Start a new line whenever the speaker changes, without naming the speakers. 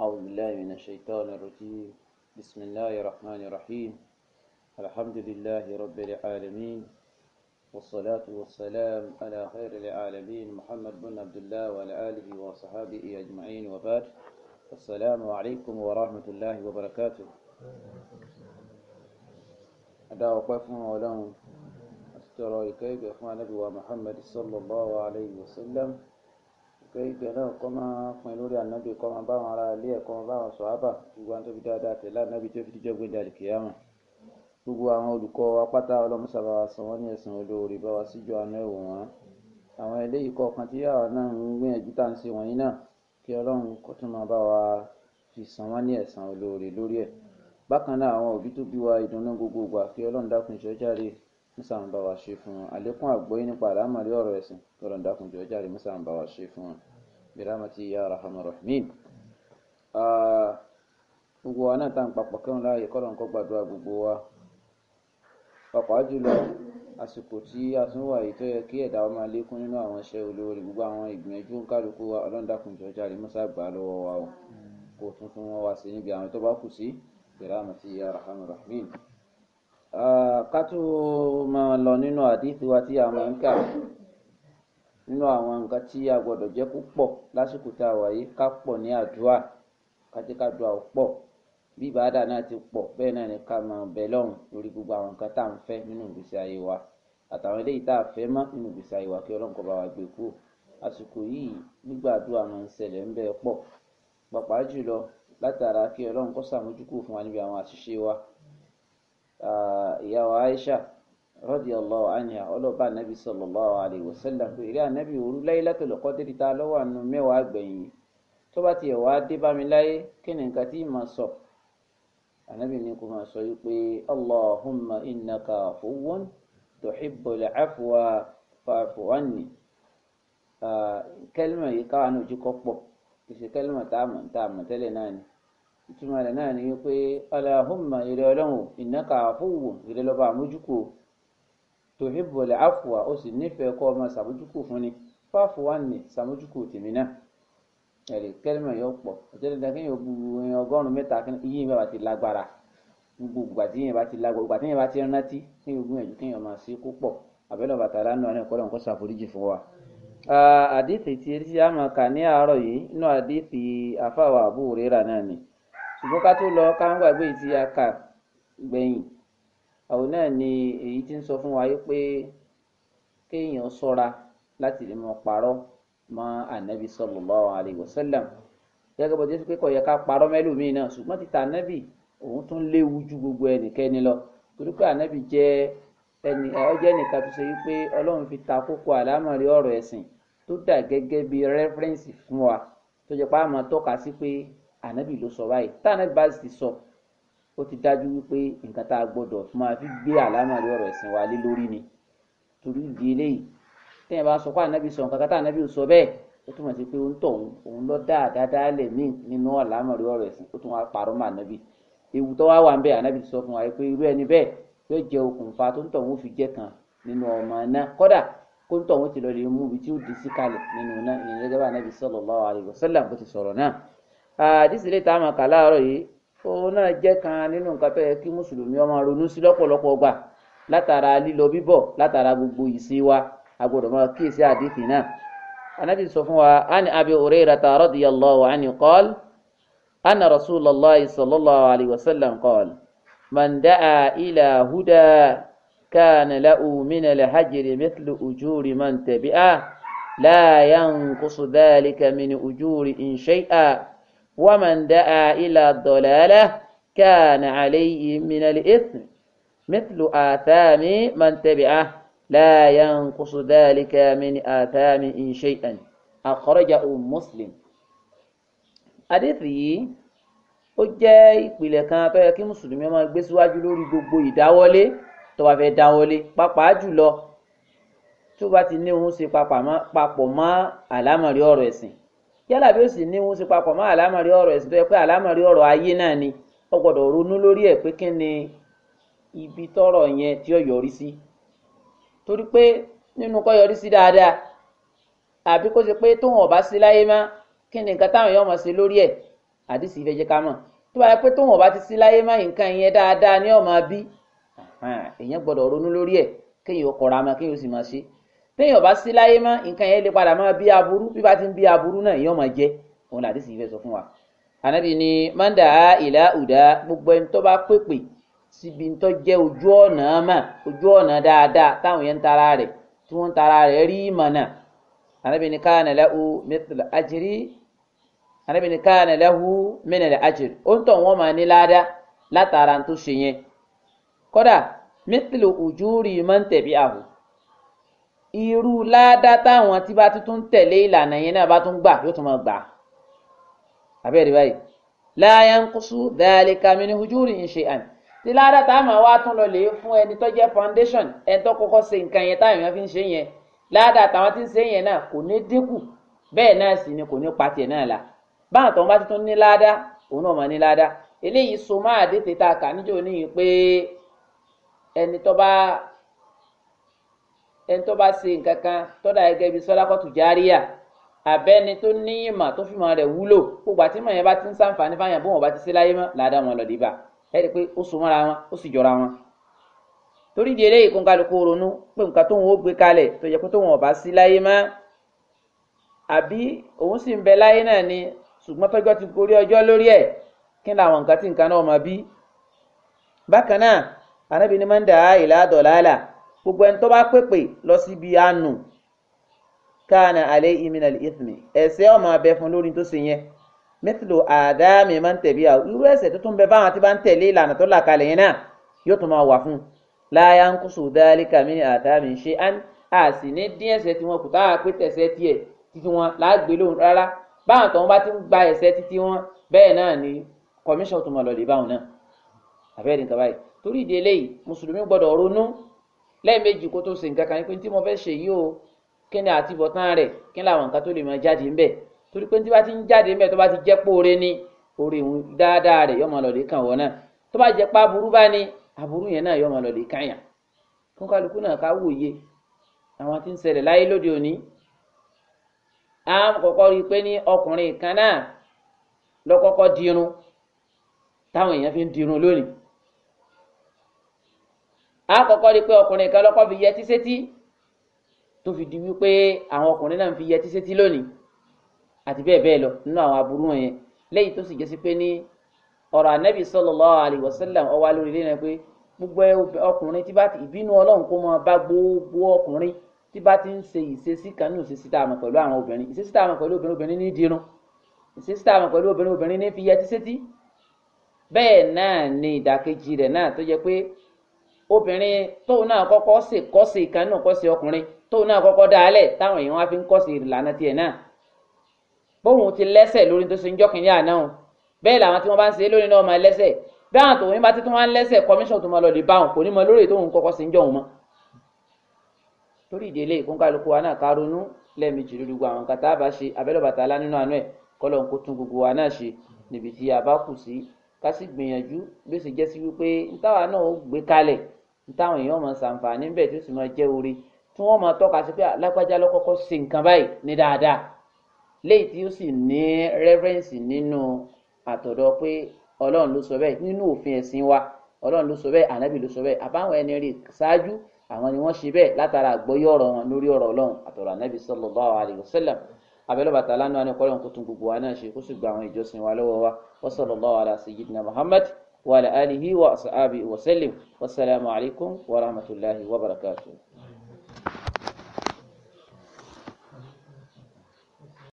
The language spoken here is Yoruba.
أعوذ بالله من الشيطان الرجيم بسم الله الرحمن الرحيم الحمد لله رب العالمين والصلاة والسلام على خير العالمين محمد بن عبد الله وعلى آله وصحابه أجمعين وبعد السلام عليكم ورحمة الله وبركاته أدعى وقفنا ولهم أسترى إليك إخوان محمد صلى الله عليه وسلم pé ibẹ̀ náà kọ́ máa pin lórí ànábì kọ́ máa bá wọn ará ilé ẹ̀kọ́ máa bá wọn sọ̀hábà gbogbo àwọn tó fi dáadáa tẹ̀lé ànábì tó fi díjọ́ gbé dalẹ̀ kíyàmù gbogbo àwọn olùkọ́ apáta ọlọ́mùsàbà wa san wọ́n ní ẹ̀sìn olóore bá wa síjọ́ àánú ẹ̀wò wọn àwọn eléyìí kọ̀ọ̀kan tí yàrá náà ń gbìyànjú tá à ń ṣe wọ̀nyí náà kí ọlọ́run kó tún máa bá wa fi san wọ́n ní ẹ̀san olóore lórí ẹ̀ bákan náà àwọn òbí tó bí wa ìdùnnú gbogbo kí ọlọ́run dákun ìṣọ́járe musan bá wa ṣe fún wọn àlékún àgbọ́yé nípa àlámọ̀rí ọ̀rọ̀ ẹ̀sìn lọ́rọ̀ ǹdàkùnjọ jáde musan bá wa ṣe fún wọn biramati ya rahman rahim gbogbo wa náà tá n papọ̀ kẹ́hìn láàyè kọ́lọ̀ nǹkan gbàdúrà gbogbo wa pàápàá jùlọ àsìkò tí a tún wà yìí tó yẹ kí ẹ̀dá wa máa lékún nínú àwọn iṣẹ́ olóore gbogbo àwọn ìgbìyànjú kálukú wa ọlọ́ndàkùnjọ jáde musa gbà lọ́wọ́ wa o kò tún wọn wá sí níbi àwọn tó bá kù sí biramati ya rahman rahim. Ah, ká tó máa lọ nínú àdìsí wa tí a máa ń kà nínú àwọn nǹkan tí a gbọdọ̀ jẹ́ púpọ̀ lásìkò tá a wà yìí ká pọ̀ ní àdúrà kájí ká dùn àwọn pọ̀ bí ìbáàdà náà ti pọ̀ bẹ́ẹ̀ náà ni ká máa bẹ lọ́hùn lórí gbogbo àwọn nǹkan tá à ń fẹ́ nínú ìgbésí ayé wa àtàwọn eléyìí tá a fẹ́ mọ́ nínú ìgbésí ayé wa kí Ọlọ́run kó bá wa gbé kúrò àsìkò yìí nígbà àdúrà máa ń ṣẹlẹ̀ ń bẹ pọ̀ pàápàá jùlọ látara kí Ọlọ́run kó ṣàmójúkú fún wa níbi àwọn àṣìṣe wa ìyá wa Aisha radiyallahu anha ọlọ́ba anabi sallallahu alayhi wa sallam pé eré anabi òru Laylatul Qadri ta lọ́wọ́ àánú mẹ́wàá gbẹ̀yìn tó bá tiẹ̀ wá dé bá mi láyé kí ni nǹkan tí mà sọ anabi ni kò máa sọ yìí pé allahumma innaka afuwun tuhibbul afwa fa'fu yìí káwọn ojú kọ́ pọ̀ kìsì kẹ́lìmọ̀ tá tá a mọ̀ tẹ́lẹ̀ náà ni ìtumọ̀ rẹ̀ náà ni wípé Allahumma ìrẹ Ọlọ́run innaka afuwwun ìrẹ lọba àmójúkò tuhibbul afwa ó sì nífẹ̀ẹ́ kọ ọmọ sàmójúkò fún ni fáàfù wà ní sàmójúkò tèmi náà ẹrì kẹrìmọ yóò pọ ọjọ dandan kéèyàn bu ọgọ́rùn mẹ́ta yìí bá ti lágbára gbogbo ìgbà tí yẹn bá ti lágbára ìgbà tí yẹn bá ti ṣùgbọ́n ká tó lọ ká ń gbàgbé tí a kà gbẹ̀yìn àwọn náà ni èyí tí ń sọ fún wa yìí pé kéèyàn ṣọ́ra láti lè mọ parọ́ mọ́ ànábì sallallahu alaihi wasallam gẹ́gẹ́ bó ti ṣe pé kò yẹ ká parọ́ mẹ́lòmíì náà ṣùgbọ́n títa ànábì òun tún léwu ju gbogbo ẹnikẹ́ni lọ torí pé ànábì jẹ́ ẹni ọjọ́ ẹnìkan tó ṣe wípé ọlọ́run fi ta kókó àlámọ̀rí ọ̀rọ̀ ẹ̀sìn tó dà gẹ́gẹ́ bíi rẹ́fẹ́rẹ́ǹsì fún wa tó jẹ́ pé a máa sí pé ànábì ló sọ báyìí tá ànábì bá sì sọ ó ti dájú wípé nǹkan tá a gbọdọ̀ máa fi gbé àlámọ̀rí ọ̀rọ̀ ẹ̀sìn wa lé lórí ni torí ìdí eléyìí téèyàn bá sọ pé ànábì sọ nǹkan kan tá ànábì ò sọ bẹ́ẹ̀ ó túmọ̀ sí pé òun tọ̀ òun òun lọ dá àdáadáa lẹ̀ míì nínú àlámọ̀rí ọ̀rọ̀ ẹ̀sìn ó tún wá parọ́ mọ́ ànábì ewu tó wá wà ń bẹ ànábì sọ fún wa pé irú ẹni bẹ́ẹ̀ yóò jẹ okùnfà tó ń tọ̀ òun fi jẹ́ kan nínú ọmọ náà kódà kó ń tọ̀ òun ti lọ lè mú ibi tí ó dì sí kalẹ̀ nínú náà ìyẹn gẹ́gẹ́ bá ànábì sallallahu alaihi wasallam bó ti sọ̀rọ̀ náà àdìsí lè ta àmọ kà láàárọ̀ yìí òun náà jẹ́ kan nínú nǹkan tó yẹ kí mùsùlùmí ọmọ ronú sí lọ́pọ̀lọpọ̀ gbà látara lílọ bíbọ̀ látara gbogbo ìṣe wa agbọ́dọ̀ máa kíyèsí àdìsí náà anabi sọ fún wa ani abi hurayrata radiyallahu anhu qal anna rasulallahi sallallahu alayhi wa sallam qal man da'a ila huda kana lahu min al-hajri mithlu ujuri man tabi'ah la yanqusu dhalika min ujuri in shay'a. ومن دعا إلى الضلالة كان عليه من الإثم مثل آثام من تبعه لا ينقص ذلك من آثامه شيئا أخرجه مسلم hadith yìí ó jẹ́ ìpìlẹ̀ kan tó yẹ kí mùsùlùmí máa gbé síwájú lórí gbogbo ìdáwọ́lé tó bá fẹ́ dáwọ́lé pàápàá jùlọ tó bá ti ní òun papọ̀ mọ́ àlámọ̀rí ọ̀rọ̀ ẹ̀sìn yálà bí ó sì ní wọn ti papọ̀ mọ́ àlámọ̀rí ọ̀rọ̀ ẹ̀sìn tó yẹ pé àlámọ̀rí ọ̀rọ̀ ayé náà ni ó gbọ́dọ̀ ronú lórí ẹ̀ pé kí ni ibi tọ́rọ̀ yẹn tí ó yọrí sí torí pé nínú kọ́ yọrí sí dáadáa àbí kó ṣe pé tóun ọ̀bá sí láyé má kí ni nǹkan táwọn èèyàn mọ̀ sí lórí ẹ̀ àdìsí ìfẹ́ jẹ́ ká mọ̀ kéèyàn kọra mọ́ kéèyàn sì máa ṣe téèyàn bá sí láyé mọ́ nǹkan yẹn lè padà máa bí aburú bí bá ti ń bí aburú náà èèyàn máa jẹ òun làdí sì fẹ́ sọ fún wa. ànábì ni mọ́ndà ìlà ùdá gbogbo ẹni tó bá pèpè síbi tó jẹ́ ojú ọ̀nà mà ojú ọ̀nà dáadáa táwọn yẹn ń tara rẹ̀ tí wọ́n ń tara rẹ̀ rí mọ̀nà. ànábì ni káànà lẹ́hu mẹ́tìlá àjírí ànábì ni káànà lẹ́hu mẹ́nìlá àjírí ó ń tọ̀ wọ́n máa ní ládàá látara tó ṣe yẹn kódà mẹ́tìlá ujúri man tabi'ahu irú ládá táwọn tí bá tún tẹ̀lé ìlànà yẹn náà bá tún gbà yóò tún máa gbà abẹ́rẹ́ báyìí láyà ń kó sùn dáálé kàmí ní hujúrì ń ṣe àn tí ládá tá a tún lọ lè fún ẹni tó jẹ́ foundation ẹni tó kọ́kọ́ ṣe nǹkan yẹn táwọn èèyàn fi ń ṣe yẹn ládá táwọn tí ń ṣe yẹn náà kò ní dínkù bẹ́ẹ̀ náà sì ni kò ní pa tiẹ̀ náà la báwọn tó ń bá tún ní ládá òun náà máa ní ládá eléyìí so máa dé ẹni tó bá ṣe nǹkan kan tọ́da gẹ́gẹ́ bíi sọ́dákọ́tù járíà àbẹ́ni tó ní ìmọ̀ tó fi mọ̀ rẹ̀ wúlò gbogbo àti ìmọ̀ yẹn bá ti ń sàǹfààní fáyàn bó wọn bá ti ṣe láyé mọ́ làdá wọn lọ́dí bá ẹ rí i pé ó so mọ́ra wọn ó sì jọra wọn. torí di eléyìí kó kálukú ronú pé nǹkan tóun ó gbé kalẹ̀ tó yẹ kó tóun ọ̀bá sí láyé mọ́ àbí òun sì ń bẹ láyé náà ni ṣùgbọ́n tọ́jọ́ ti gorí ọjọ́ lórí ẹ̀ kí làwọn nǹkan tí nǹkan náà mọ bí. bákan náà gbogbo ẹni tó bá pèpè lọ síbi àánú káàna alẹ́ ìmìnà ìfìmì ẹ̀ṣẹ̀ ó máa bẹ fún lórí tó ṣe yẹn mẹ́tìlò àdáàmì máa ń tẹ̀bí àwọn irú ẹ̀ṣẹ̀ tó tún bẹ báwọn ti bá ń tẹ̀lé ìlànà tó là kalẹ̀ yẹn náà yóò tún máa wà fún un láyà ń kó sòdálì kàmí àdáàmì ṣe á sì ní dín ẹ̀ṣẹ̀ tí wọn kò pé tẹ̀sẹ̀ tiẹ̀ títí wọn láàgbé lóhùn rárá báwọn tó ń bá ti ń gba ẹ̀ṣẹ̀ títí wọn bẹ́ẹ̀ náà ni kọmíṣọ̀ tó máa lọ lè báwọn náà àbẹ́rẹ́ nǹkan báyìí torí ìdí eléyìí mùsùlùmí gbọ́dọ̀ ronú lẹ́ẹ̀mejì kó tó ṣe nǹkan kan pé tí mo fẹ́ ṣe yìí o kí ni àtibọ̀tán rẹ̀ kí ni àwọn nǹkan tó lè máa jáde ńbẹ̀ torí pé tí bá ti ń jáde ńbẹ̀ tó bá ti jẹ́ póore ní oore òun dáadáa rẹ̀ yọmọ lọ́ọ̀dẹ̀ kàn wọ́n náà tó bá jẹ́ pa aburú bá ní aburú yẹn náà yọmọ lọ́ọ̀dẹ̀ kàn yàn fún kálukú náà ká wòye àwọn tí ń ṣẹlẹ̀ láyé lóde òní á kọ́kọ́ rí i pé ní ọkùnrin kan náà lọ́kọ́kọ́ dirun táwọn èèyàn fi ń dirun lónìí àkọ́kọ́ rí i pé ọkùnrin kan lọ́kọ́ fi yẹtí sétí tó fi di wípé àwọn ọkùnrin náà ń fi yẹtí sétí lónìí àti bẹ́ẹ̀ bẹ́ẹ̀ lọ nínú àwọn aburú yẹn lẹ́yìn tó sì jẹ́ sí pé ní ọ̀rọ̀ ànábì sallallahu alaihi wasallam ó wà lórí ilé náà pé gbogbo ọkùnrin tí bá ti ìbínú Ọlọ́run kó mọ bá gbogbo ọkùnrin tí bá ti ń ṣe ìṣesí kan nù ìṣesí tá a mọ̀ pẹ̀lú àwọn obìnrin ìṣesí tá a mọ̀ pẹ̀lú obìnrin obìnrin ní dirun ìṣesí tá a mọ̀ pẹ̀lú obìnrin obìnrin ní fi yẹtí sétí bẹ́ẹ̀ náà ni ìdàkejì rẹ̀ náà tó jẹ́ pé obìnrin tóun náà kọ́kọ́ ṣe kọ́sì kan kọ́sì ọkùnrin tóun náà kọ́kọ́ dálẹ̀ táwọn èèyàn wá fi ń kọ́sì ìlànà tiẹ̀ náà bóun ti lẹ́sẹ̀ lórí tó ṣe ń jọ́kìnrin àná o bẹ́ẹ̀ làwọn tí wọ́n bá ń ṣe lórí náà máa lẹ́sẹ̀ bí àwọn tòun bá ti tún wá ń lẹ́sẹ̀ kọmíṣọ̀n tó máa lọ lè bá òun kò ní mọ lórí tóun kọ́kọ́ sí ń jọ̀hún mọ́ torí ìdílé ìkóńkálukú wa náà ká ronú lẹ́ẹ̀mejì lórí gbogbo àwọn nǹkan tá a bá ṣe abẹ́lọ́bàtà alá nínú àánú ẹ̀ kọ́lọ̀ ń kó tún gbogbo wa náà ṣe níbi tí a bá kù sí ká sì gbìyànjú bí ó sì jẹ́ sí wípé ntáwa náà ó gbé kalẹ̀ táwọn èèyàn máa ṣàǹfààní ń bẹ tí ó sì máa jẹ́ orí tí wọ́n máa tọ́ka sí pé alágbájá ló kọ́kọ́ ṣe nǹkan báyìí ní dáadáa léyìí tí ó sì ní rẹ́fẹ́rẹ́ǹsì nínú àtọ̀dọ̀ pé ọlọ́run ló sọ bẹ́ẹ̀ nínú òfin ẹ̀sìn wa ọlọ́run ló sọ bẹ́ẹ̀ ànábì ló sọ bẹ́ẹ̀ àbáwọn ẹni rí ṣáájú àwọn ni wọ́n ṣe bẹ́ẹ̀ látara àgbọ́yé ọ̀rọ̀ wọn lórí ọ̀rọ̀ ọlọ́run àtọ̀rọ̀ ànábì sallallahu alaihi wasallam abẹ́lẹ́ bàtà lánàá ni kọ́lọ́n kó gbogbo wa náà ṣe kó sì gba àwọn ìjọsìn wa lọ́wọ́ wa wa sallallahu ala sayyidina Muhammad وعلى آله وأصحابه وسلم والسلام عليكم ورحمة الله وبركاته